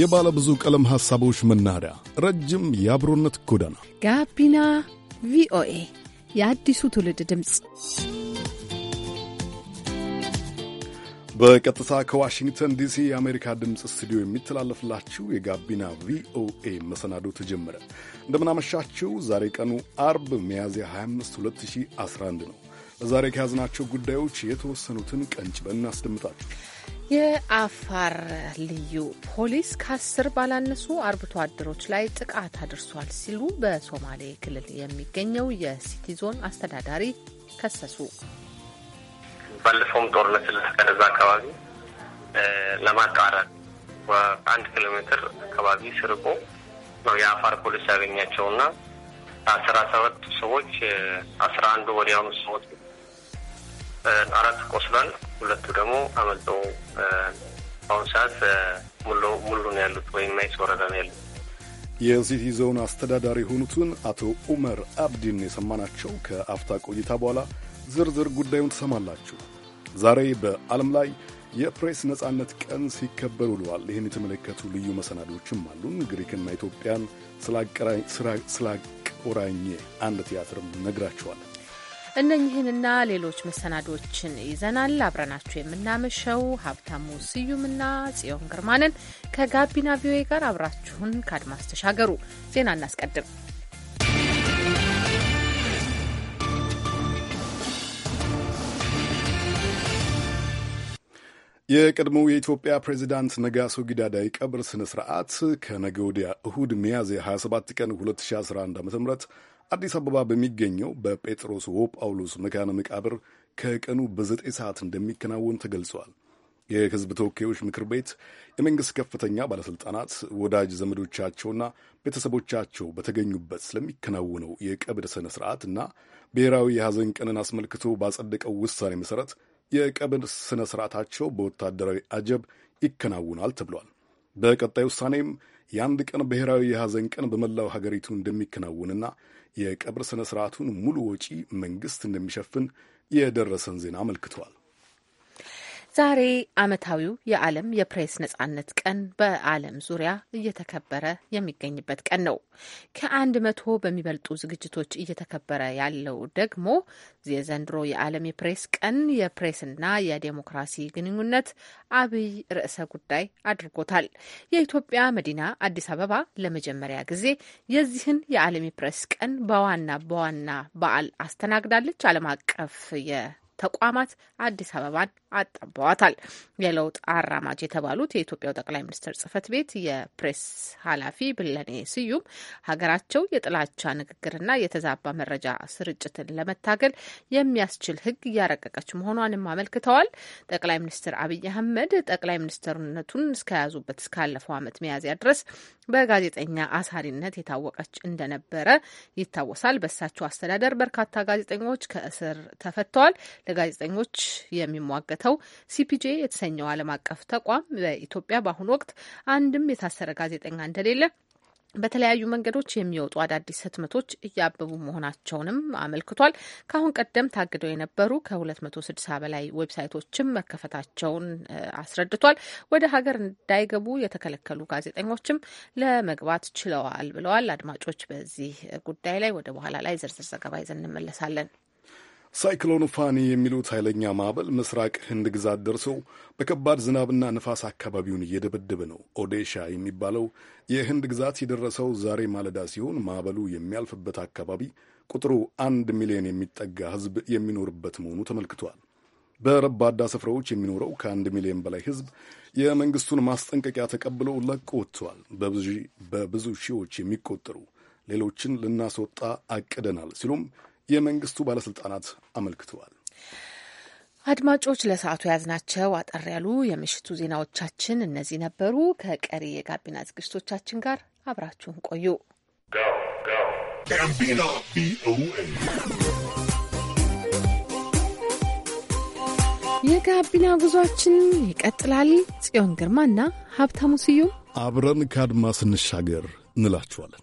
የባለ ብዙ ቀለም ሐሳቦች መናኸሪያ፣ ረጅም የአብሮነት ጎዳና ጋቢና ቪኦኤ የአዲሱ ትውልድ ድምፅ በቀጥታ ከዋሽንግተን ዲሲ የአሜሪካ ድምፅ ስቱዲዮ የሚተላለፍላችሁ የጋቢና ቪኦኤ መሰናዶ ተጀመረ። እንደምናመሻችው ዛሬ ቀኑ አርብ ሚያዝያ 25 2011 ነው። ለዛሬ ከያዝናቸው ጉዳዮች የተወሰኑትን ቀንጭበን እናስደምጣችሁ። የአፋር ልዩ ፖሊስ ከአስር ባላነሱ አርብቶ አደሮች ላይ ጥቃት አድርሷል ሲሉ በሶማሌ ክልል የሚገኘው የሲቲ ዞን አስተዳዳሪ ከሰሱ። ባለፈውም ጦርነት ስለተካሄደ እዛ አካባቢ ለማጣራት በአንድ ኪሎ ሜትር አካባቢ ስርቆ ነው የአፋር ፖሊስ ያገኛቸውና አስራ ሰባት ሰዎች አስራ አንዱ ወዲያውኑ ሰዎች አራት ቆስሏል። ሁለቱ ደግሞ አመልጠው በአሁኑ ሰዓት ሙሉ ነው ያሉት ወይም ናይስ ወረዳ ነው ያሉት። የሲቲ ዞን አስተዳዳሪ የሆኑትን አቶ ኡመር አብዲን የሰማናቸው። ከአፍታ ቆይታ በኋላ ዝርዝር ጉዳዩን ትሰማላችሁ። ዛሬ በዓለም ላይ የፕሬስ ነጻነት ቀን ሲከበር ውለዋል። ይህን የተመለከቱ ልዩ መሰናዶችም አሉን። ግሪክና ኢትዮጵያን ስላቆራኘ አንድ ቲያትርም ነግራችኋል። እነኚህንና ሌሎች መሰናዶችን ይዘናል። አብረናችሁ የምናመሸው ሀብታሙ ስዩምና ጽዮን ግርማንን ከጋቢና ቪዮኤ ጋር አብራችሁን ከአድማስ ተሻገሩ። ዜና እናስቀድም። የቀድሞው የኢትዮጵያ ፕሬዚዳንት ነጋሶ ጊዳዳ የቀብር ስነ ስርዓት ከነገ ወዲያ እሁድ ሚያዝያ 27 ቀን 2011 ዓ ም አዲስ አበባ በሚገኘው በጴጥሮስ ወጳውሎስ መካነ መቃብር ከቀኑ በዘጠኝ ሰዓት እንደሚከናወን ተገልጿል። የሕዝብ ተወካዮች ምክር ቤት የመንግሥት ከፍተኛ ባለሥልጣናት ወዳጅ ዘመዶቻቸውና ቤተሰቦቻቸው በተገኙበት ስለሚከናወነው የቀብር ሥነ ሥርዓትና ብሔራዊ የሐዘን ቀንን አስመልክቶ ባጸደቀው ውሳኔ መሠረት የቀብር ስነ ስርዓታቸው በወታደራዊ አጀብ ይከናውናል ተብሏል። በቀጣይ ውሳኔም የአንድ ቀን ብሔራዊ የሐዘን ቀን በመላው ሀገሪቱ እንደሚከናውንና የቀብር ስነ ስርዓቱን ሙሉ ወጪ መንግሥት እንደሚሸፍን የደረሰን ዜና አመልክቷል። ዛሬ ዓመታዊው የዓለም የፕሬስ ነጻነት ቀን በዓለም ዙሪያ እየተከበረ የሚገኝበት ቀን ነው። ከአንድ መቶ በሚበልጡ ዝግጅቶች እየተከበረ ያለው ደግሞ የዘንድሮ የዓለም የፕሬስ ቀን የፕሬስና የዴሞክራሲ ግንኙነት አብይ ርዕሰ ጉዳይ አድርጎታል። የኢትዮጵያ መዲና አዲስ አበባ ለመጀመሪያ ጊዜ የዚህን የዓለም የፕሬስ ቀን በዋና በዋና በዓል አስተናግዳለች። ዓለም አቀፍ የ ተቋማት አዲስ አበባን አጣበዋታል። የለውጥ አራማጅ የተባሉት የኢትዮጵያው ጠቅላይ ሚኒስትር ጽህፈት ቤት የፕሬስ ኃላፊ ብለኔ ስዩም ሀገራቸው የጥላቻ ንግግርና የተዛባ መረጃ ስርጭትን ለመታገል የሚያስችል ህግ እያረቀቀች መሆኗንም አመልክተዋል። ጠቅላይ ሚኒስትር አብይ አህመድ ጠቅላይ ሚኒስትርነቱን እስከያዙበት እስካለፈው ዓመት ሚያዝያ ድረስ በጋዜጠኛ አሳሪነት የታወቀች እንደነበረ ይታወሳል። በእሳቸው አስተዳደር በርካታ ጋዜጠኞች ከእስር ተፈተዋል። ለጋዜጠኞች የሚሟገተው ሲፒጄ የተሰኘው ዓለም አቀፍ ተቋም በኢትዮጵያ በአሁኑ ወቅት አንድም የታሰረ ጋዜጠኛ እንደሌለ በተለያዩ መንገዶች የሚወጡ አዳዲስ ህትመቶች እያበቡ መሆናቸውንም አመልክቷል። ከአሁን ቀደም ታግደው የነበሩ ከ260 በላይ ዌብሳይቶችም መከፈታቸውን አስረድቷል። ወደ ሀገር እንዳይገቡ የተከለከሉ ጋዜጠኞችም ለመግባት ችለዋል ብለዋል። አድማጮች፣ በዚህ ጉዳይ ላይ ወደ በኋላ ላይ ዝርዝር ዘገባ ይዘን እንመለሳለን። ሳይክሎን ፋኒ የሚሉት ኃይለኛ ማዕበል ምስራቅ ህንድ ግዛት ደርሶ በከባድ ዝናብና ንፋስ አካባቢውን እየደበደበ ነው። ኦዴሻ የሚባለው የህንድ ግዛት የደረሰው ዛሬ ማለዳ ሲሆን ማዕበሉ የሚያልፍበት አካባቢ ቁጥሩ አንድ ሚሊዮን የሚጠጋ ህዝብ የሚኖርበት መሆኑ ተመልክቷል። በረባዳ ስፍራዎች የሚኖረው ከአንድ ሚሊዮን በላይ ህዝብ የመንግስቱን ማስጠንቀቂያ ተቀብሎ ለቆ ወጥተዋል። በብዙ ሺዎች የሚቆጠሩ ሌሎችን ልናስወጣ አቅደናል ሲሉም የመንግስቱ ባለስልጣናት አመልክተዋል። አድማጮች ለሰዓቱ የያዝናቸው አጠር ያሉ የምሽቱ ዜናዎቻችን እነዚህ ነበሩ። ከቀሪ የጋቢና ዝግጅቶቻችን ጋር አብራችሁን ቆዩ። የጋቢና ጉዟችን ይቀጥላል። ጽዮን ግርማና ሀብታሙ ስዩም አብረን ከአድማ ስንሻገር እንላችኋለን።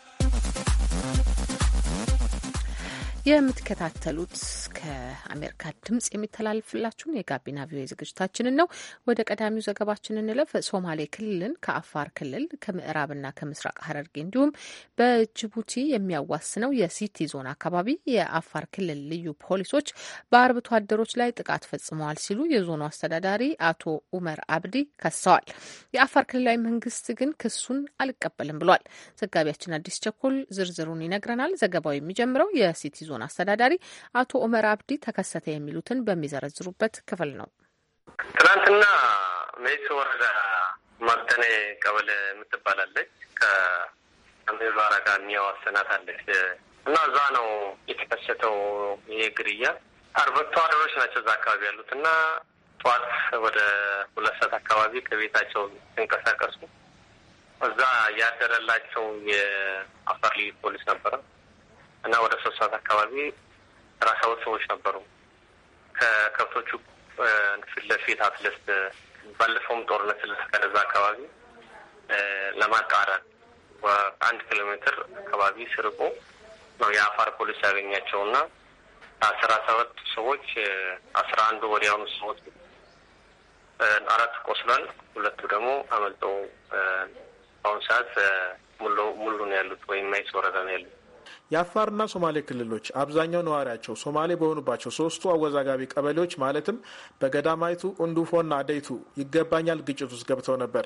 የምትከታተሉት ከአሜሪካ ድምጽ የሚተላልፍላችሁን የጋቢና ቪኦኤ ዝግጅታችንን ነው። ወደ ቀዳሚው ዘገባችን እንለፍ። ሶማሌ ክልልን ከአፋር ክልል ከምዕራብና ከምስራቅ ሀረርጌ እንዲሁም በጅቡቲ የሚያዋስነው የሲቲ ዞን አካባቢ የአፋር ክልል ልዩ ፖሊሶች በአርብቶ አደሮች ላይ ጥቃት ፈጽመዋል ሲሉ የዞኑ አስተዳዳሪ አቶ ኡመር አብዲ ከሰዋል። የአፋር ክልላዊ መንግስት ግን ክሱን አልቀበልም ብሏል። ዘጋቢያችን አዲስ ቸኩል ዝርዝሩን ይነግረናል። ዘገባው የሚጀምረው የሲቲ ዞን አስተዳዳሪ አቶ ኦመር አብዲ ተከሰተ የሚሉትን በሚዘረዝሩበት ክፍል ነው። ትናንትና ሜሶ ወረዳ ማርተኔ ቀበሌ የምትባላለች ከአሜባራ ጋር የሚያዋሰናት አለች እና እዛ ነው የተከሰተው ይሄ ግድያ። አርብቶ አደሮች ናቸው እዛ አካባቢ ያሉት እና ጠዋት ወደ ሁለት ሰዓት አካባቢ ከቤታቸው ሲንቀሳቀሱ እዛ ያደረላቸው የአፋር ልዩ ፖሊስ ነበረ። እና ወደ ሶስት ሰዓት አካባቢ አስራ ሰባት ሰዎች ነበሩ። ከከብቶቹ ፊት ለፊት አትለስት ባለፈውም ጦርነት ስለተካሄደ አካባቢ ለማጣራት አንድ ኪሎ ሜትር አካባቢ ስርቆ ነው የአፋር ፖሊስ ያገኛቸው እና አስራ ሰባት ሰዎች አስራ አንዱ ወዲያውኑ ሰዎች አራት ቆስሏል። ሁለቱ ደግሞ አመልጠው በአሁኑ ሰዓት ሙሉ ነው ያሉት ወይም ማይስ ወረዳ ነው ያሉት። የአፋርና ሶማሌ ክልሎች አብዛኛው ነዋሪያቸው ሶማሌ በሆኑባቸው ሶስቱ አወዛጋቢ ቀበሌዎች ማለትም በገዳማይቱ፣ እንዱፎና አደይቱ ይገባኛል ግጭት ውስጥ ገብተው ነበር።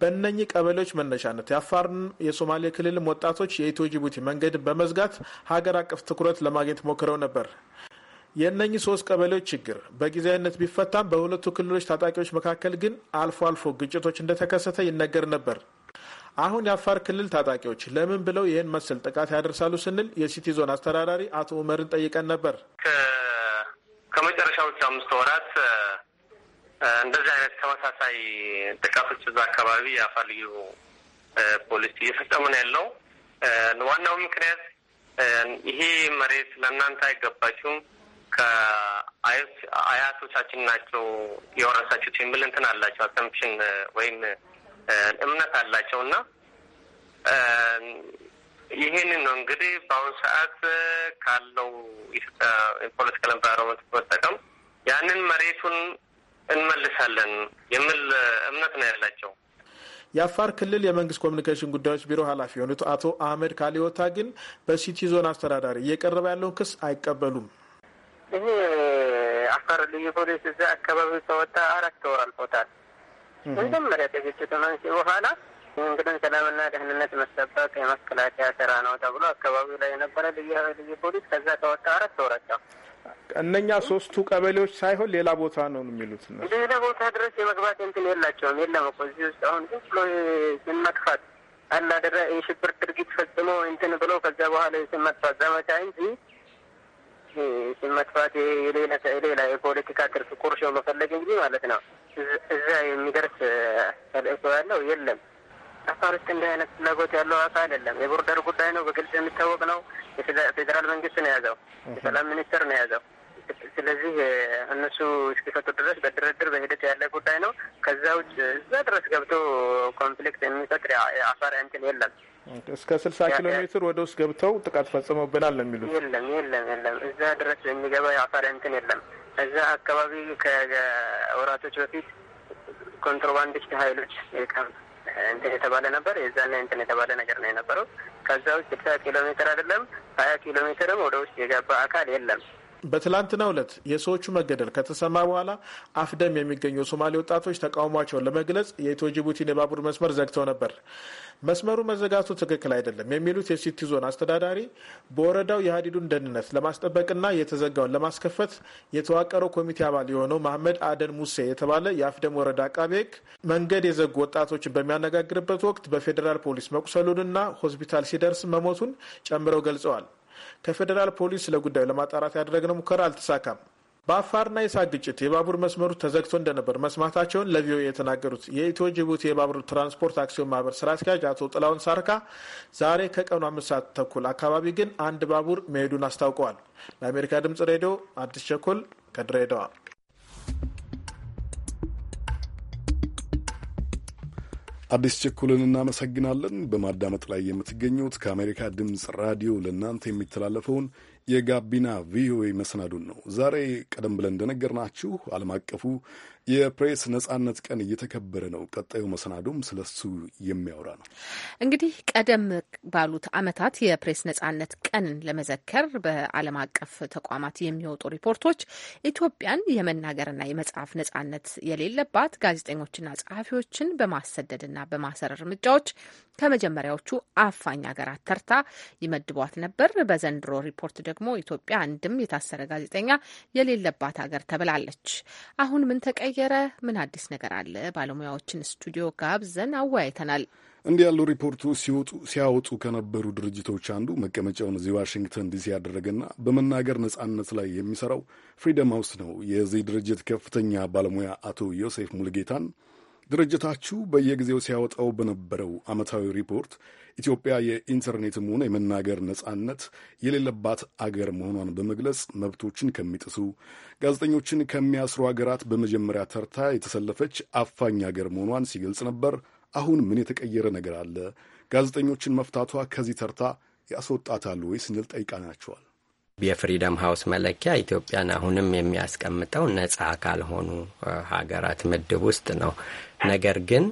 በእነኚህ ቀበሌዎች መነሻነት የአፋርን የሶማሌ ክልልም ወጣቶች የኢትዮ ጅቡቲ መንገድን በመዝጋት ሀገር አቀፍ ትኩረት ለማግኘት ሞክረው ነበር። የእነኚህ ሶስት ቀበሌዎች ችግር በጊዜያዊነት ቢፈታም በሁለቱ ክልሎች ታጣቂዎች መካከል ግን አልፎ አልፎ ግጭቶች እንደተከሰተ ይነገር ነበር። አሁን የአፋር ክልል ታጣቂዎች ለምን ብለው ይህን መሰል ጥቃት ያደርሳሉ ስንል የሲቲ ዞን አስተዳዳሪ አቶ ኡመርን ጠይቀን ነበር። ከመጨረሻዎቹ አምስት ወራት እንደዚህ አይነት ተመሳሳይ ጥቃቶች እዛ አካባቢ የአፋር ልዩ ፖሊስ እየፈጸሙ ነው ያለው። ዋናው ምክንያት ይሄ መሬት ለእናንተ አይገባችሁም ከአያቶቻችን ናቸው የወረሳችሁት የሚል እንትን አላቸው አሰምፕሽን ወይም እምነት አላቸው እና ይህንን ነው እንግዲህ በአሁኑ ሰዓት ካለው የፖለቲካል ኤንቫይሮመንት በመጠቀም ያንን መሬቱን እንመልሳለን የሚል እምነት ነው ያላቸው። የአፋር ክልል የመንግስት ኮሚኒኬሽን ጉዳዮች ቢሮ ኃላፊ የሆኑት አቶ አህመድ ካሊዮታ ግን በሲቲ ዞን አስተዳዳሪ እየቀረበ ያለውን ክስ አይቀበሉም። ይሄ አፋር ልዩ ፖሊስ እዚያ አካባቢ ከወጣ አራት ወር አልፎታል። መጀመሪያ ከግጭቱ መንስኤ በኋላ እንግዲህ ሰላምና ደህንነት መጠበቅ የመከላከያ ስራ ነው ተብሎ አካባቢው ላይ የነበረ ልዩ ልዩ ፖሊስ ከዛ ከወጣ አራት ወራቸው እነኛ ሶስቱ ቀበሌዎች ሳይሆን ሌላ ቦታ ነው የሚሉት እነሱ ሌላ ቦታ ድረስ የመግባት እንትን የላቸውም። የለም እኮ እዚህ ውስጥ አሁን ዝም ብሎ ስም መጥፋት አላደረ የሽብር ድርጊት ፈጽሞ እንትን ብሎ ከዛ በኋላ የስም መጥፋት ዘመቻ እንጂ ስም መጥፋት የሌላ ሌላ የፖለቲካ ትርፍ ቁርሾ መፈለግ እንጂ ማለት ነው እዛ የሚደርስ ተልእኮ ያለው የለም። አፋር ውስጥ እንዲህ አይነት ፍላጎት ያለው አካል የለም። የቦርደር ጉዳይ ነው፣ በግልጽ የሚታወቅ ነው። የፌዴራል መንግስት ነው የያዘው፣ የሰላም ሚኒስትር ነው የያዘው። ስለዚህ እነሱ እስኪፈቱ ድረስ በድርድር በሂደት ያለ ጉዳይ ነው። ከዛ ውጭ እዛ ድረስ ገብቶ ኮንፍሊክት የሚፈጥር የአፋር እንትን የለም። እስከ ስልሳ ኪሎ ሜትር ወደ ውስጥ ገብተው ጥቃት ፈጽመውብናል ነው የሚሉት። የለም የለም የለም፣ እዛ ድረስ የሚገባ የአፋር እንትን የለም። እዛ አካባቢ ከወራቶች በፊት ኮንትሮባንዲስት ሀይሎች እንትን የተባለ ነበር። የዛና እንትን የተባለ ነገር ነው የነበረው። ከዛ ውስጥ ስልሳ ኪሎ ሜትር አይደለም ሀያ ኪሎ ሜትርም ወደ ውስጥ የገባ አካል የለም። በትላንትናው ዕለት የሰዎቹ መገደል ከተሰማ በኋላ አፍደም የሚገኙ የሶማሌ ወጣቶች ተቃውሟቸውን ለመግለጽ የኢትዮ ጅቡቲን የባቡር መስመር ዘግተው ነበር። መስመሩ መዘጋቱ ትክክል አይደለም የሚሉት የሲቲ ዞን አስተዳዳሪ በወረዳው የሀዲዱን ደህንነት ለማስጠበቅና የተዘጋውን ለማስከፈት የተዋቀረው ኮሚቴ አባል የሆነው መሐመድ አደን ሙሴ የተባለ የአፍደም ወረዳ አቃቤ ሕግ መንገድ የዘጉ ወጣቶችን በሚያነጋግርበት ወቅት በፌዴራል ፖሊስ መቁሰሉንና ሆስፒታል ሲደርስ መሞቱን ጨምረው ገልጸዋል። ከፌዴራል ፖሊስ ለጉዳዩ ለማጣራት ያደረግነው ሙከራ አልተሳካም። በአፋርና የኢሳቅ ግጭት የባቡር መስመሩ ተዘግቶ እንደነበር መስማታቸውን ለቪኦኤ የተናገሩት የኢትዮ ጅቡቲ የባቡር ትራንስፖርት አክሲዮን ማህበር ስራ አስኪያጅ አቶ ጥላውን ሳርካ ዛሬ ከቀኑ አምስት ሰዓት ተኩል አካባቢ ግን አንድ ባቡር መሄዱን አስታውቀዋል። ለአሜሪካ ድምጽ ሬዲዮ አዲስ ቸኮል ከድሬዳዋ አዲስ ቸኮልን እናመሰግናለን። በማዳመጥ ላይ የምትገኙት ከአሜሪካ ድምፅ ራዲዮ ለእናንተ የሚተላለፈውን የጋቢና ቪኦኤ መሰናዱን ነው። ዛሬ ቀደም ብለን እንደነገርናችሁ ዓለም አቀፉ የፕሬስ ነጻነት ቀን እየተከበረ ነው። ቀጣዩ መሰናዶም ስለሱ የሚያወራ ነው። እንግዲህ ቀደም ባሉት ዓመታት የፕሬስ ነጻነት ቀንን ለመዘከር በዓለም አቀፍ ተቋማት የሚወጡ ሪፖርቶች ኢትዮጵያን የመናገርና የመጽሐፍ ነጻነት የሌለባት ጋዜጠኞችና ጸሐፊዎችን በማሰደድና በማሰር እርምጃዎች ከመጀመሪያዎቹ አፋኝ ሀገራት ተርታ ይመድቧት ነበር። በዘንድሮ ሪፖርት ደግሞ ኢትዮጵያ አንድም የታሰረ ጋዜጠኛ የሌለባት ሀገር ተብላለች። አሁን ምን ተቀይ ተቀየረ ምን አዲስ ነገር አለ? ባለሙያዎችን ስቱዲዮ ጋብዘን አወያይተናል። እንዲህ ያሉ ሪፖርቱ ሲወጡ ሲያወጡ ከነበሩ ድርጅቶች አንዱ መቀመጫውን እዚህ ዋሽንግተን ዲሲ ያደረገና በመናገር ነጻነት ላይ የሚሰራው ፍሪደም ሃውስ ነው። የዚህ ድርጅት ከፍተኛ ባለሙያ አቶ ዮሴፍ ሙልጌታን ድርጅታችሁ በየጊዜው ሲያወጣው በነበረው ዓመታዊ ሪፖርት ኢትዮጵያ የኢንተርኔትም ሆነ የመናገር ነጻነት የሌለባት አገር መሆኗን በመግለጽ መብቶችን ከሚጥሱ ጋዜጠኞችን ከሚያስሩ አገራት በመጀመሪያ ተርታ የተሰለፈች አፋኝ አገር መሆኗን ሲገልጽ ነበር። አሁን ምን የተቀየረ ነገር አለ? ጋዜጠኞችን መፍታቷ ከዚህ ተርታ ያስወጣታሉ ወይ ስንል ጠይቃናቸዋል። የፍሪደም ሀውስ መለኪያ ኢትዮጵያን አሁንም የሚያስቀምጠው ነጻ ካልሆኑ ሀገራት ምድብ ውስጥ ነው። ነገር ግን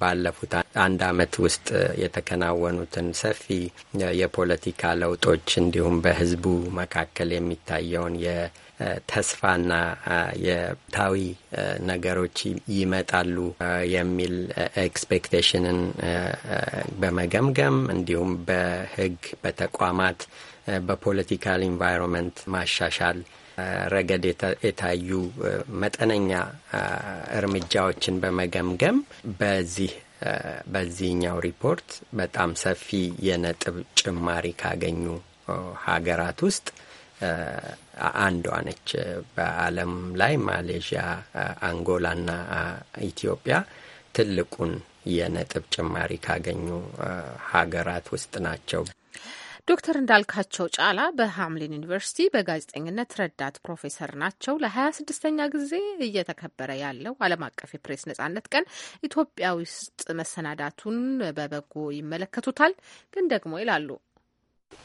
ባለፉት አንድ አመት ውስጥ የተከናወኑትን ሰፊ የፖለቲካ ለውጦች እንዲሁም በህዝቡ መካከል የሚታየውን የተስፋና የታዊ ነገሮች ይመጣሉ የሚል ኤክስፔክቴሽንን በመገምገም እንዲሁም በህግ በተቋማት በፖለቲካል ኢንቫይሮንመንት ማሻሻል ረገድ የታዩ መጠነኛ እርምጃዎችን በመገምገም በዚህ በዚህኛው ሪፖርት በጣም ሰፊ የነጥብ ጭማሪ ካገኙ ሀገራት ውስጥ አንዷ ነች። በዓለም ላይ ማሌዥያ፣ አንጎላና ኢትዮጵያ ትልቁን የነጥብ ጭማሪ ካገኙ ሀገራት ውስጥ ናቸው። ዶክተር እንዳልካቸው ጫላ በሃምሊን ዩኒቨርሲቲ በጋዜጠኝነት ረዳት ፕሮፌሰር ናቸው። ለሀያ ስድስተኛ ጊዜ እየተከበረ ያለው ዓለም አቀፍ የፕሬስ ነጻነት ቀን ኢትዮጵያ ውስጥ መሰናዳቱን በበጎ ይመለከቱታል። ግን ደግሞ ይላሉ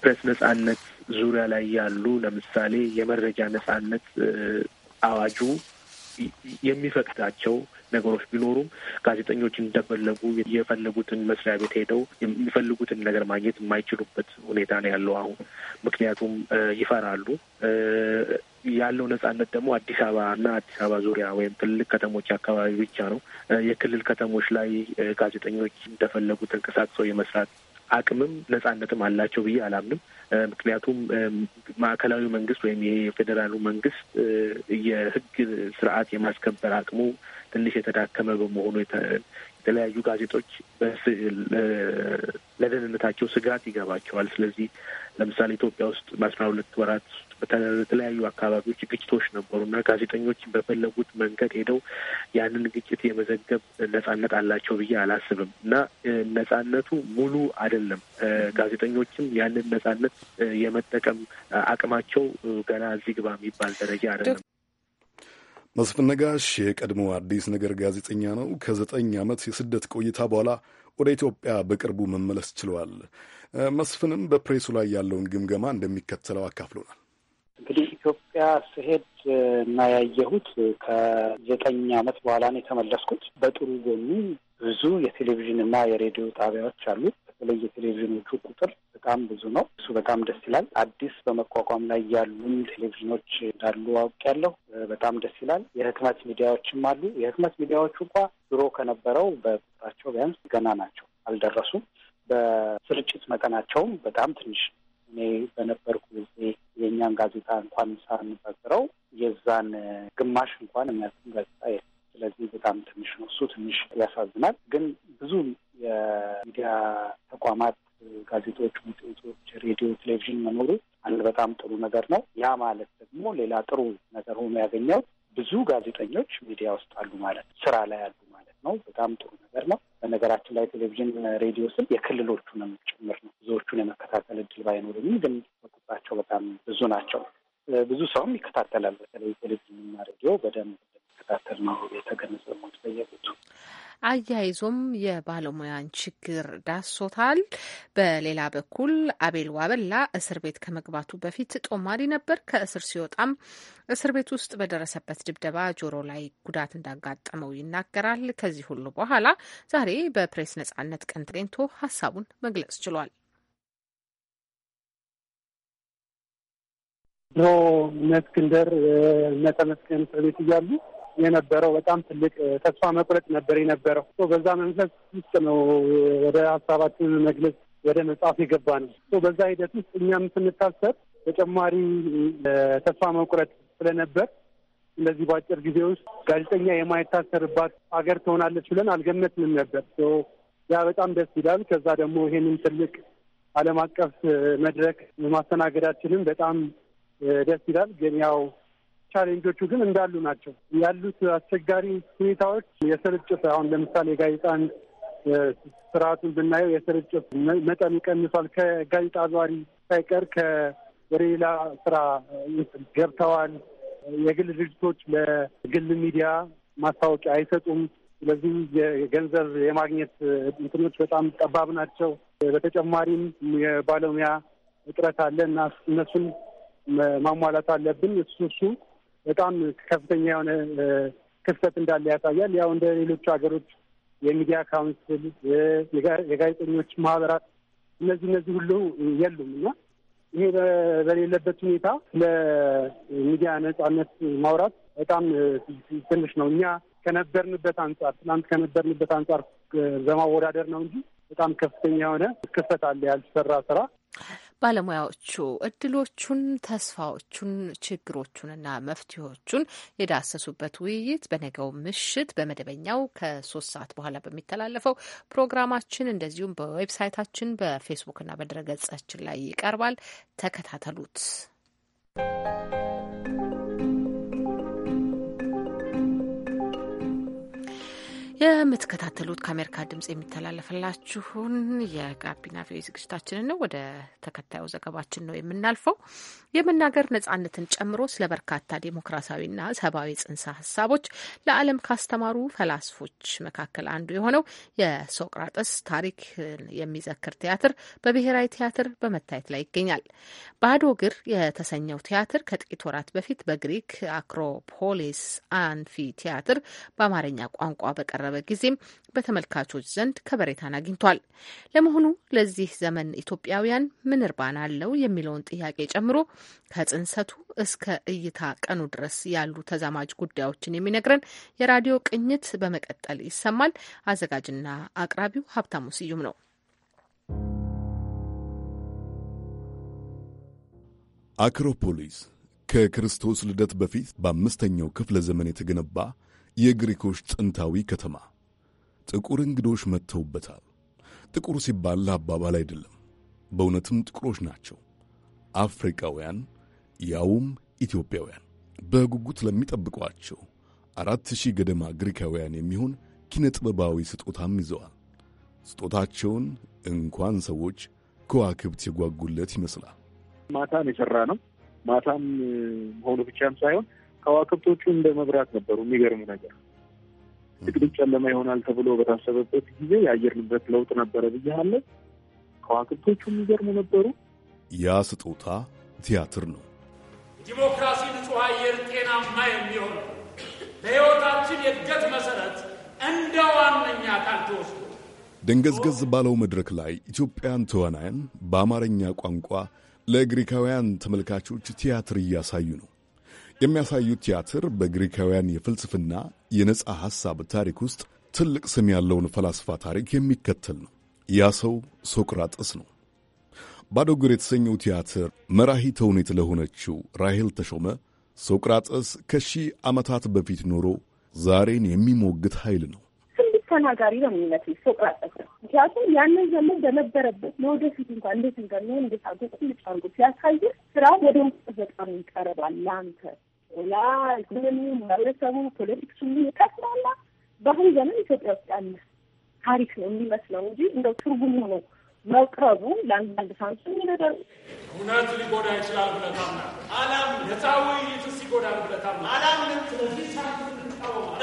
ፕሬስ ነጻነት ዙሪያ ላይ ያሉ ለምሳሌ የመረጃ ነጻነት አዋጁ የሚፈቅዳቸው ነገሮች ቢኖሩም ጋዜጠኞች እንደፈለጉ የፈለጉትን መስሪያ ቤት ሄደው የሚፈልጉትን ነገር ማግኘት የማይችሉበት ሁኔታ ነው ያለው አሁን። ምክንያቱም ይፈራሉ። ያለው ነጻነት ደግሞ አዲስ አበባ እና አዲስ አበባ ዙሪያ ወይም ትልቅ ከተሞች አካባቢ ብቻ ነው። የክልል ከተሞች ላይ ጋዜጠኞች እንደፈለጉ ተንቀሳቅሰው የመስራት አቅምም ነጻነትም አላቸው ብዬ አላምንም። ምክንያቱም ማዕከላዊ መንግስት ወይም የፌዴራሉ መንግስት የህግ ስርዓት የማስከበር አቅሙ ትንሽ የተዳከመ በመሆኑ የተለያዩ ጋዜጦች ለደህንነታቸው ስጋት ይገባቸዋል። ስለዚህ ለምሳሌ ኢትዮጵያ ውስጥ በአስራ ሁለት ወራት በተለያዩ አካባቢዎች ግጭቶች ነበሩ እና ጋዜጠኞች በፈለጉት መንገድ ሄደው ያንን ግጭት የመዘገብ ነጻነት አላቸው ብዬ አላስብም እና ነጻነቱ ሙሉ አይደለም። ጋዜጠኞችም ያንን ነጻነት የመጠቀም አቅማቸው ገና እዚህ ግባ የሚባል ደረጃ አይደለም። መስፍን ነጋሽ የቀድሞ አዲስ ነገር ጋዜጠኛ ነው። ከዘጠኝ ዓመት የስደት ቆይታ በኋላ ወደ ኢትዮጵያ በቅርቡ መመለስ ችለዋል። መስፍንም በፕሬሱ ላይ ያለውን ግምገማ እንደሚከተለው አካፍሎናል። እንግዲህ ኢትዮጵያ ስሄድ እና ያየሁት ከዘጠኝ ዓመት በኋላ ነው የተመለስኩት። በጥሩ ጎኑ ብዙ የቴሌቪዥን እና የሬዲዮ ጣቢያዎች አሉት በተለይ የቴሌቪዥኖቹ ቁጥር በጣም ብዙ ነው። እሱ በጣም ደስ ይላል። አዲስ በመቋቋም ላይ ያሉም ቴሌቪዥኖች እንዳሉ አውቄያለሁ። በጣም ደስ ይላል። የህትመት ሚዲያዎችም አሉ። የህትመት ሚዲያዎቹ እንኳ ድሮ ከነበረው በቁጥራቸው ቢያንስ ገና ናቸው፣ አልደረሱም። በስርጭት መጠናቸውም በጣም ትንሽ እኔ በነበርኩ ጊዜ የእኛን ጋዜጣ እንኳን ሳንበግረው የዛን ግማሽ እንኳን የሚያስም ጋዜጣ የለም። ስለዚህ በጣም ትንሽ ነው። እሱ ትንሽ ያሳዝናል። ግን ብዙ የሚዲያ ተቋማት ጋዜጦች፣ መጽሔቶች፣ ሬዲዮ፣ ቴሌቪዥን መኖሩ አንድ በጣም ጥሩ ነገር ነው። ያ ማለት ደግሞ ሌላ ጥሩ ነገር ሆኖ ያገኘው ብዙ ጋዜጠኞች ሚዲያ ውስጥ አሉ ማለት ስራ ላይ አሉ ማለት ነው። በጣም ጥሩ ነገር ነው። በነገራችን ላይ ቴሌቪዥን፣ ሬዲዮ ስል የክልሎቹንም ጭምር ነው። ብዙዎቹን የመከታተል እድል ባይኖርም ግን በቁጥራቸው በጣም ብዙ ናቸው። ብዙ ሰውም ይከታተላል። በተለይ ቴሌቪዥንና ሬዲዮ በደንብ እንደሚከታተል ነው የተገነዘብኩት በየቦቱ አያይዞም የባለሙያን ችግር ዳሶታል። በሌላ በኩል አቤል ዋበላ እስር ቤት ከመግባቱ በፊት ጦማሪ ነበር። ከእስር ሲወጣም እስር ቤት ውስጥ በደረሰበት ድብደባ ጆሮ ላይ ጉዳት እንዳጋጠመው ይናገራል። ከዚህ ሁሉ በኋላ ዛሬ በፕሬስ ነጻነት ቀን ተገኝቶ ሀሳቡን መግለጽ ችሏል። ድሮ እነ እስክንደር እነ ተመስገን እስር ቤት እያሉ የነበረው። በጣም ትልቅ ተስፋ መቁረጥ ነበር የነበረው። በዛ መንፈስ ውስጥ ነው ወደ ሀሳባችን መግለጽ ወደ መጽሐፍ የገባ ነው። በዛ ሂደት ውስጥ እኛም ስንታሰር ተጨማሪ ተስፋ መቁረጥ ስለነበር እንደዚህ በአጭር ጊዜ ውስጥ ጋዜጠኛ የማይታሰርባት አገር ትሆናለች ብለን አልገመትንም ነበር። ያ በጣም ደስ ይላል። ከዛ ደግሞ ይሄንን ትልቅ ዓለም አቀፍ መድረክ ማስተናገዳችንም በጣም ደስ ይላል። ግን ያው ቻሌንጆቹ ግን እንዳሉ ናቸው። ያሉት አስቸጋሪ ሁኔታዎች የስርጭት አሁን ለምሳሌ ጋዜጣን ስርዓቱን ብናየው የስርጭት መጠን ቀንሷል። ከጋዜጣ ዟሪ ሳይቀር ወደ ሌላ ስራ ገብተዋል። የግል ድርጅቶች ለግል ሚዲያ ማስታወቂያ አይሰጡም። ስለዚህ የገንዘብ የማግኘት እንትኖች በጣም ጠባብ ናቸው። በተጨማሪም የባለሙያ እጥረት አለ እና እነሱን ማሟላት አለብን። እሱ እሱ በጣም ከፍተኛ የሆነ ክፍተት እንዳለ ያሳያል። ያው እንደ ሌሎቹ ሀገሮች የሚዲያ ካውንስል፣ የጋዜጠኞች ማህበራት እነዚህ እነዚህ ሁሉ የሉም እና ይሄ በሌለበት ሁኔታ ለሚዲያ ነጻነት ማውራት በጣም ትንሽ ነው። እኛ ከነበርንበት አንጻር ትናንት ከነበርንበት አንጻር በማወዳደር ነው እንጂ በጣም ከፍተኛ የሆነ ክፍተት አለ ያልተሰራ ስራ ባለሙያዎቹ እድሎቹን፣ ተስፋዎቹን፣ ችግሮቹንና መፍትሄዎቹን የዳሰሱበት ውይይት በነገው ምሽት በመደበኛው ከሶስት ሰዓት በኋላ በሚተላለፈው ፕሮግራማችን እንደዚሁም በዌብሳይታችን በፌስቡክና በድረገጻችን ላይ ይቀርባል። ተከታተሉት። የምትከታተሉት ከአሜሪካ ድምጽ የሚተላለፍላችሁን የጋቢና ቪኦኤ ዝግጅታችንን ነው። ወደ ተከታዩ ዘገባችን ነው የምናልፈው። የመናገር ነጻነትን ጨምሮ ስለ በርካታ ዴሞክራሲያዊና ሰብአዊ ጽንሰ ሀሳቦች ለዓለም ካስተማሩ ፈላስፎች መካከል አንዱ የሆነው የሶቅራጠስ ታሪክ የሚዘክር ቲያትር በብሔራዊ ቲያትር በመታየት ላይ ይገኛል። ባዶ እግር የተሰኘው ቲያትር ከጥቂት ወራት በፊት በግሪክ አክሮፖሊስ አንፊ ቲያትር በአማርኛ ቋንቋ በቀረበ በቀረበ ጊዜም በተመልካቾች ዘንድ ከበሬታን አግኝቷል። ለመሆኑ ለዚህ ዘመን ኢትዮጵያውያን ምን እርባን አለው የሚለውን ጥያቄ ጨምሮ ከጽንሰቱ እስከ እይታ ቀኑ ድረስ ያሉ ተዛማጅ ጉዳዮችን የሚነግረን የራዲዮ ቅኝት በመቀጠል ይሰማል። አዘጋጅና አቅራቢው ሀብታሙ ስዩም ነው። አክሮፖሊስ ከክርስቶስ ልደት በፊት በአምስተኛው ክፍለ ዘመን የተገነባ የግሪኮች ጥንታዊ ከተማ ጥቁር እንግዶች መጥተውበታል። ጥቁር ሲባል ለአባባል አይደለም፣ በእውነትም ጥቁሮች ናቸው። አፍሪካውያን ያውም ኢትዮጵያውያን በጉጉት ለሚጠብቋቸው አራት ሺህ ገደማ ግሪካውያን የሚሆን ኪነ ጥበባዊ ስጦታም ይዘዋል። ስጦታቸውን እንኳን ሰዎች ከዋክብት የጓጉለት ይመስላል። ማታም የሠራ ነው። ማታም መሆኑ ብቻም ሳይሆን ከዋክብቶቹ እንደ መብራት ነበሩ። የሚገርሙ ነገር ድቅድቅ ጨለማ ይሆናል ተብሎ በታሰበበት ጊዜ የአየር ንብረት ለውጥ ነበረ ብያለሁ። ከዋክብቶቹ የሚገርሙ ነበሩ። ያ ስጦታ ቲያትር ነው። ዲሞክራሲ ንጹሕ አየር ጤናማ የሚሆን ለሕይወታችን የእድገት መሠረት እንደ ዋነኛ አካል ተወስዶ ደንገዝገዝ ባለው መድረክ ላይ ኢትዮጵያን ተዋናያን በአማርኛ ቋንቋ ለግሪካውያን ተመልካቾች ቲያትር እያሳዩ ነው። የሚያሳዩት ቲያትር በግሪካውያን የፍልስፍና የነፃ ሐሳብ ታሪክ ውስጥ ትልቅ ስም ያለውን ፈላስፋ ታሪክ የሚከተል ነው። ያ ሰው ሶቅራጥስ ነው። ባዶ እግር የተሰኘው ቲያትር መራሂ ተውኔት ለሆነችው ራሄል ተሾመ ሶቅራጥስ ከሺህ ዓመታት በፊት ኖሮ ዛሬን የሚሞግት ኃይል ነው። ትልቅ ተናጋሪ ነው የሚመስል ሶቅራጥስ ነው። ምክንያቱም ያንን ዘመን በነበረበት ለወደፊት እንኳን እንዴት እንደሚሆን እንዴት አጎ ልጭ አርጎ ሲያሳይ ስራ ወደ ውስጥ በጣም ይቀርባል ለአንተ ያ ኢኮኖሚው፣ ማህበረሰቡ፣ ፖለቲክሱ ጠቅላላ በአሁን ዘመን ኢትዮጵያ ውስጥ ያለ ታሪክ ነው የሚመስለው እንጂ እንደው ትርጉም ሆኖ መቅረቡ ለአንዳንድ ሳንሱ የሚነገሩ እውነት ሊጎዳ ይችላል ብለታምና አላም ነፃ ውይይትስ ይጎዳል ብለታምና አላም ስለዚህ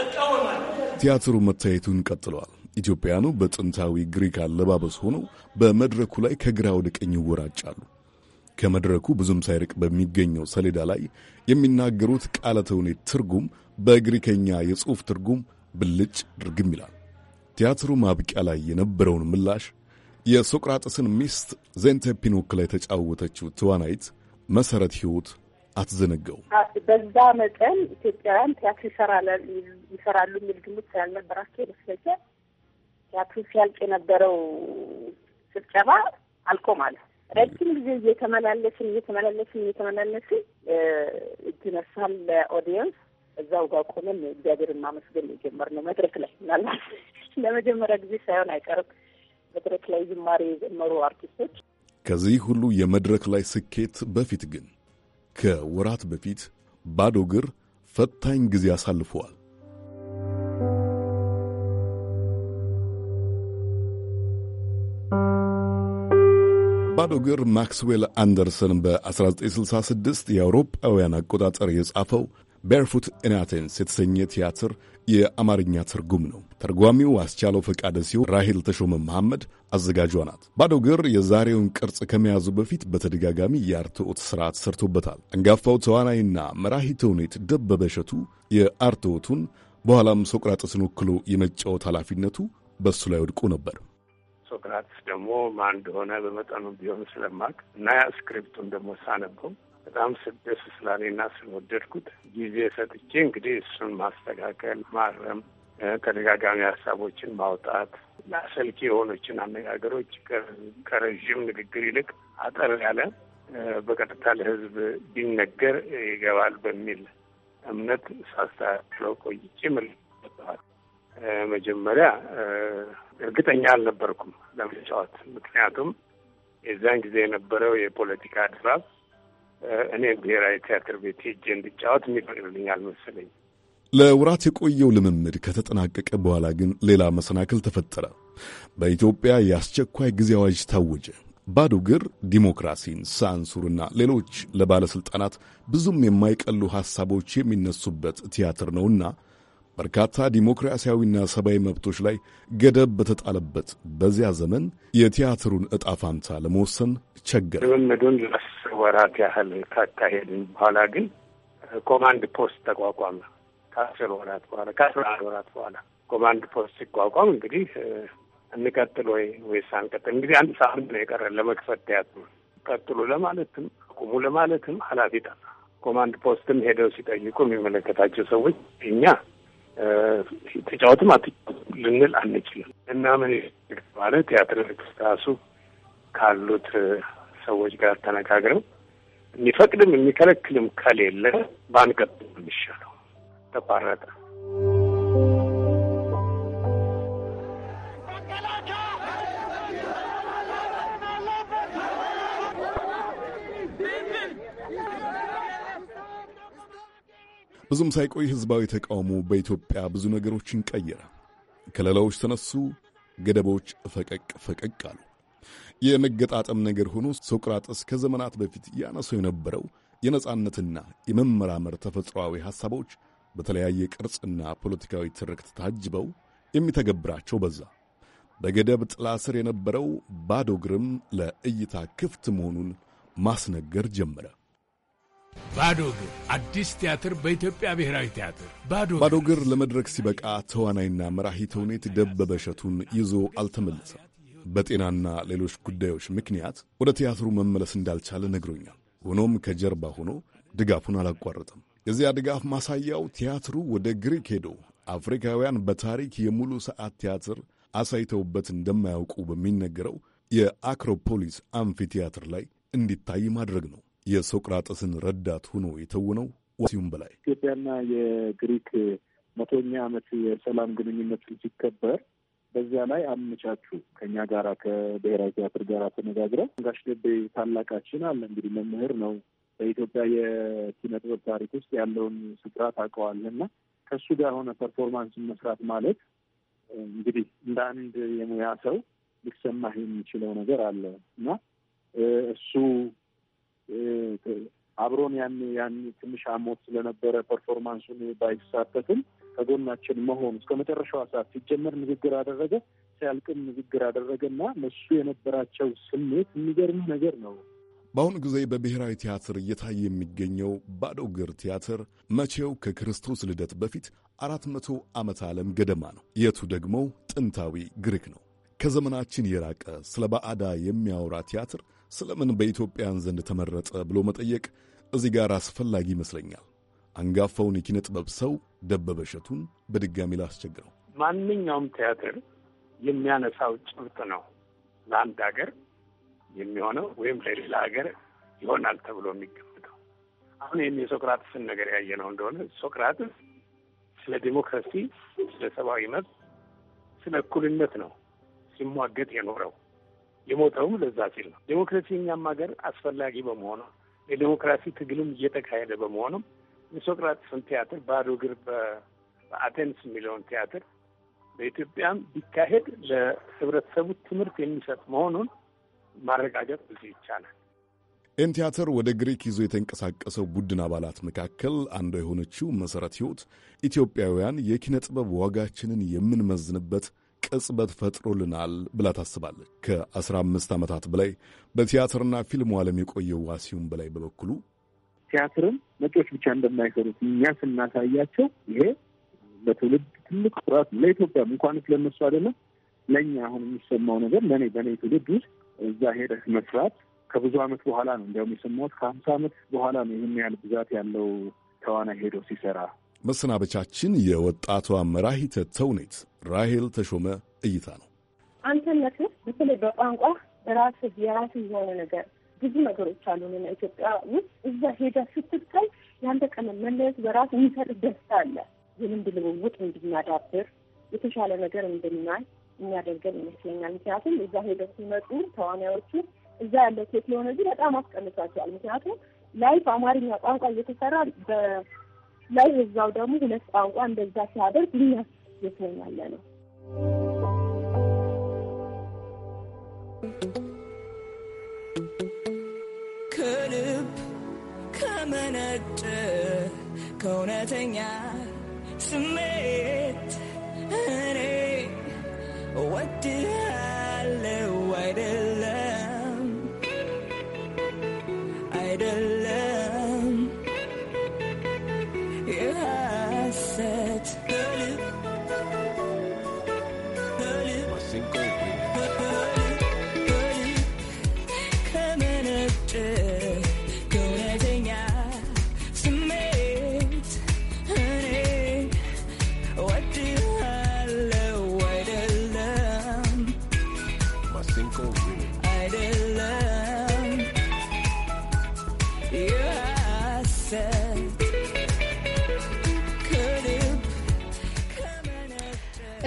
እቃወማለሁ። ቲያትሩ መታየቱን ቀጥለዋል። ኢትዮጵያኑ በጥንታዊ ግሪክ አለባበስ ሆነው በመድረኩ ላይ ከግራ ወደ ቀኝ ይወራጫሉ። ከመድረኩ ብዙም ሳይርቅ በሚገኘው ሰሌዳ ላይ የሚናገሩት ቃለ ተውኔት ትርጉም በግሪከኛ የጽሑፍ ትርጉም ብልጭ ድርግም ይላል። ቲያትሩ ማብቂያ ላይ የነበረውን ምላሽ የሶቅራጥስን ሚስት ዜንቴፒን ላይ የተጫወተችው ትዋናይት መሰረት ሕይወት አትዘነገው። በዛ መጠን ኢትዮጵያውያን ቲያትር ይሰራሉ የሚል ግምት ስላልነበራቸው ይመስለኛል ቲያትሩ ሲያልቅ የነበረው ጭብጨባ አልቆ ማለት ረጅም ጊዜ እየተመላለስን እየተመላለስን እየተመላለስን እጅ ነሳል ለኦዲየንስ እዛው ጋር ቆመን እግዚአብሔርን ማመስገን የጀመርነው መድረክ ላይ ምናልባት ለመጀመሪያ ጊዜ ሳይሆን አይቀርም መድረክ ላይ ዝማሬ የዘመሩ አርቲስቶች። ከዚህ ሁሉ የመድረክ ላይ ስኬት በፊት ግን ከወራት በፊት ባዶ እግር ፈታኝ ጊዜ አሳልፈዋል። ከባድ እግር ማክስዌል አንደርሰን በ1966 የአውሮፓውያን አቆጣጠር የጻፈው ቤርፉት ኢን አቴንስ የተሰኘ ቲያትር የአማርኛ ትርጉም ነው። ተርጓሚው አስቻለው ፈቃደ ሲሆን ራሄል ተሾመ መሐመድ አዘጋጇ ናት። ባዶ እግር የዛሬውን ቅርጽ ከመያዙ በፊት በተደጋጋሚ የአርትዖት ስርዓት ሰርቶበታል። አንጋፋው ተዋናይና መራሂ ተውኔት ደበበ እሸቱ የአርትዖቱን በኋላም ሶቅራጥስን ወክሎ የመጫወት ኃላፊነቱ በእሱ ላይ ወድቆ ነበር። ሶክራትስ ደግሞ ማን እንደሆነ በመጠኑ ቢሆን ስለማቅ እና ስክሪፕቱን ደግሞ ሳነበው በጣም ስደስ ስላለና ስለወደድኩት ጊዜ ሰጥቼ እንግዲህ እሱን ማስተካከል፣ ማረም፣ ተደጋጋሚ ሀሳቦችን ማውጣት ለአሰልኪ የሆኖችን አነጋገሮች ከረዥም ንግግር ይልቅ አጠር ያለ በቀጥታ ለህዝብ ቢነገር ይገባል በሚል እምነት ሳስተካክለው ቆይቼ መል መጀመሪያ እርግጠኛ አልነበርኩም ለመጫወት። ምክንያቱም የዛን ጊዜ የነበረው የፖለቲካ ድባብ እኔ ብሔራዊ ቲያትር ቤት ሄጄ እንድጫወት የሚፈቅድልኝ አልመሰለኝ። ለውራት የቆየው ልምምድ ከተጠናቀቀ በኋላ ግን ሌላ መሰናክል ተፈጠረ። በኢትዮጵያ የአስቸኳይ ጊዜ አዋጅ ታወጀ። ባዶ እግር ዲሞክራሲን፣ ሳንሱርና ሌሎች ለባለሥልጣናት ብዙም የማይቀሉ ሐሳቦች የሚነሱበት ቲያትር ነውና በርካታ ዲሞክራሲያዊና ሰብአዊ መብቶች ላይ ገደብ በተጣለበት በዚያ ዘመን የቲያትሩን እጣ ፋንታ ለመወሰን ቸገረ። ልምምዱን ለአስር ወራት ያህል ካካሄድን በኋላ ግን ኮማንድ ፖስት ተቋቋመ። ከአስር ወራት በኋላ ከአስራ አንድ ወራት በኋላ ኮማንድ ፖስት ሲቋቋም እንግዲህ እንቀጥል ወይ ወይስ አንቀጥል? እንግዲህ አንድ ሳምንት ነው የቀረን ለመክፈት ቲያትሩ። ቀጥሉ ለማለትም አቁሙ ለማለትም ኃላፊ ጠፋ። ኮማንድ ፖስትም ሄደው ሲጠይቁ የሚመለከታቸው ሰዎች እኛ ተጫወትም አትጫወትም ልንል አንችልም። እና ምን ማለት ቲያትር ራሱ ካሉት ሰዎች ጋር ተነጋግረው የሚፈቅድም የሚከለክልም ከሌለ ባንቀጥል የሚሻለው ተቋረጠ። ብዙም ሳይቆይ ሕዝባዊ ተቃውሞ በኢትዮጵያ ብዙ ነገሮችን ቀየረ። ከለላዎች ተነሱ፣ ገደቦች ፈቀቅ ፈቀቅ አሉ። የመገጣጠም ነገር ሆኖ ሶቅራጥስ ከዘመናት በፊት ያነሰው የነበረው የነጻነትና የመመራመር ተፈጥሯዊ ሐሳቦች በተለያየ ቅርጽና ፖለቲካዊ ትርክት ታጅበው የሚተገብራቸው በዛ። በገደብ ጥላ ስር የነበረው ባዶ እግርም ለእይታ ክፍት መሆኑን ማስነገር ጀመረ። ባዶ እግር አዲስ ቲያትር በኢትዮጵያ ብሔራዊ ቲያትር ባዶ እግር ለመድረክ ሲበቃ ተዋናይና መራሂ ተውኔት ደበበ እሸቱን ይዞ አልተመለሰም። በጤናና ሌሎች ጉዳዮች ምክንያት ወደ ቲያትሩ መመለስ እንዳልቻለ ነግሮኛል። ሆኖም ከጀርባ ሆኖ ድጋፉን አላቋረጠም። የዚያ ድጋፍ ማሳያው ቲያትሩ ወደ ግሪክ ሄዶ አፍሪካውያን በታሪክ የሙሉ ሰዓት ቲያትር አሳይተውበት እንደማያውቁ በሚነገረው የአክሮፖሊስ አምፊቲያትር ላይ እንዲታይ ማድረግ ነው። የሶቅራጥስን ረዳት ሆኖ የተውነው ዋሲሁን በላይ ኢትዮጵያና የግሪክ መቶኛ ዓመት የሰላም ግንኙነት ሲከበር በዚያ ላይ አመቻቹ ከኛ ጋራ ከብሔራዊ ቲያትር ጋር ተነጋግረው አንጋሽ ደቤ ታላቃችን አለ እንግዲህ መምህር ነው። በኢትዮጵያ የኪነ ታሪክ ውስጥ ያለውን ስፍራ ታውቀዋለህ እና ከእሱ ጋር ሆነ ፐርፎርማንስ መስራት ማለት እንግዲህ እንደ አንድ የሙያ ሰው ሊሰማህ የሚችለው ነገር አለ እና እሱ አብሮን ያን ያን ትንሽ አሞት ስለነበረ ፐርፎርማንሱን ባይሳተፍም ከጎናችን መሆኑ እስከ መጨረሻዋ ሰዓት ሲጀመር ንግግር አደረገ፣ ሲያልቅም ንግግር አደረገ እና ለሱ የነበራቸው ስሜት የሚገርም ነገር ነው። በአሁኑ ጊዜ በብሔራዊ ቲያትር እየታየ የሚገኘው ባዶ እግር ቲያትር መቼው ከክርስቶስ ልደት በፊት አራት መቶ ዓመት ዓለም ገደማ ነው። የቱ ደግሞ ጥንታዊ ግሪክ ነው። ከዘመናችን የራቀ ስለ ባዕዳ የሚያወራ ቲያትር ስለምን በኢትዮጵያውያን ዘንድ ተመረጠ ብሎ መጠየቅ እዚህ ጋር አስፈላጊ ይመስለኛል። አንጋፋውን የኪነ ጥበብ ሰው ደበበ እሸቱን በድጋሚ ላስቸግረው። ማንኛውም ቲያትር የሚያነሳው ጭብጥ ነው ለአንድ ሀገር የሚሆነው ወይም ለሌላ ሀገር ይሆናል ተብሎ የሚገምተው። አሁን ይህም የሶቅራጥስን ነገር ያየነው እንደሆነ ሶቅራጥስ ስለ ዲሞክራሲ፣ ስለ ሰብአዊ መብት፣ ስለ እኩልነት ነው ሲሟገት የኖረው። የሞተውም ለዛ ሲል ነው። ዴሞክራሲ የኛም ሀገር አስፈላጊ በመሆኑ የዴሞክራሲ ትግልም እየተካሄደ በመሆኑም የሶቅራጥስን ቲያትር ባዶ እግር በአቴንስ የሚለውን ቲያትር በኢትዮጵያም ቢካሄድ ለህብረተሰቡ ትምህርት የሚሰጥ መሆኑን ማረጋገጥ ብዙ ይቻላል። ይህን ቲያትር ወደ ግሪክ ይዞ የተንቀሳቀሰው ቡድን አባላት መካከል አንዷ የሆነችው መሠረት ሕይወት ኢትዮጵያውያን የኪነ ጥበብ ዋጋችንን የምንመዝንበት ቅጽበት ፈጥሮልናል ብላ ታስባለች። ከ15 ዓመታት በላይ በቲያትርና ፊልሙ ዓለም የቆየው ዋሲሁን በላይ በበኩሉ ቲያትርን መጪዎች ብቻ እንደማይሰሩት እኛ ስናሳያቸው ይሄ ለትውልድ ትልቅ ኩራት ለኢትዮጵያ እንኳን ለነሱ አይደለም ለእኛ አሁን የሚሰማው ነገር ለእኔ በእኔ ትውልድ ውስጥ እዛ ሄደህ መስራት ከብዙ ዓመት በኋላ ነው እንዲያውም የሰማሁት ከሀምሳ ዓመት በኋላ ነው ይህን ያህል ብዛት ያለው ተዋናይ ሄዶ ሲሰራ መሰናበቻችን የወጣቷ መራሂተ ተውኔት ራሄል ተሾመ እይታ ነው። አንተነት ነው። በተለይ በቋንቋ ራስ የራስ የሆነ ነገር ብዙ ነገሮች አሉ አሉና ኢትዮጵያ ውስጥ እዛ ሄደ ስትታይ የአንተ ቀለም መለየት በራስ የሚሰጥ ደስታ አለ። የልምድ ልውውጥ እንድናዳብር የተሻለ ነገር እንድናይ የሚያደርገን ይመስለኛል። ምክንያቱም እዛ ሄደ ሲመጡ ተዋናዮቹ እዛ ያለው ቴክኖሎጂ በጣም አስቀምጧቸዋል። ምክንያቱም ላይፍ አማርኛ ቋንቋ እየተሰራ ላይ እዛው ደግሞ ሁለት ቋንቋ እንደዛ ሲያደርግ እኛ ያለ ነው። ከልብ ከመነጨ ከእውነተኛ ስሜት እኔ ወድያ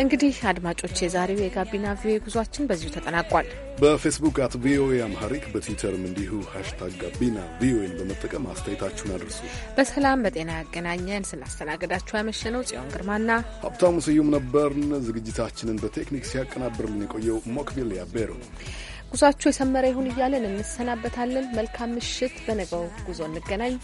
እንግዲህ አድማጮች የዛሬው የጋቢና ቪኦኤ ጉዟችን በዚሁ ተጠናቋል። በፌስቡክ አት ቪኦኤ አምሃሪክ በትዊተርም እንዲሁ ሀሽታግ ጋቢና ቪኦኤን በመጠቀም አስተያየታችሁን አድርሱ። በሰላም በጤና ያገናኘን። ስናስተናግዳችሁ ያመሸነው ጽዮን ግርማና ሀብታሙ ስዩም ነበርን። ዝግጅታችንን በቴክኒክ ሲያቀናብርልን የቆየው ሞክቢል ያቤሩ ነው። ጉዟችሁ የሰመረ ይሁን እያለን እንሰናበታለን። መልካም ምሽት። በነገው ጉዞ እንገናኝ።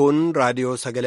Kun raadiyoo sagale.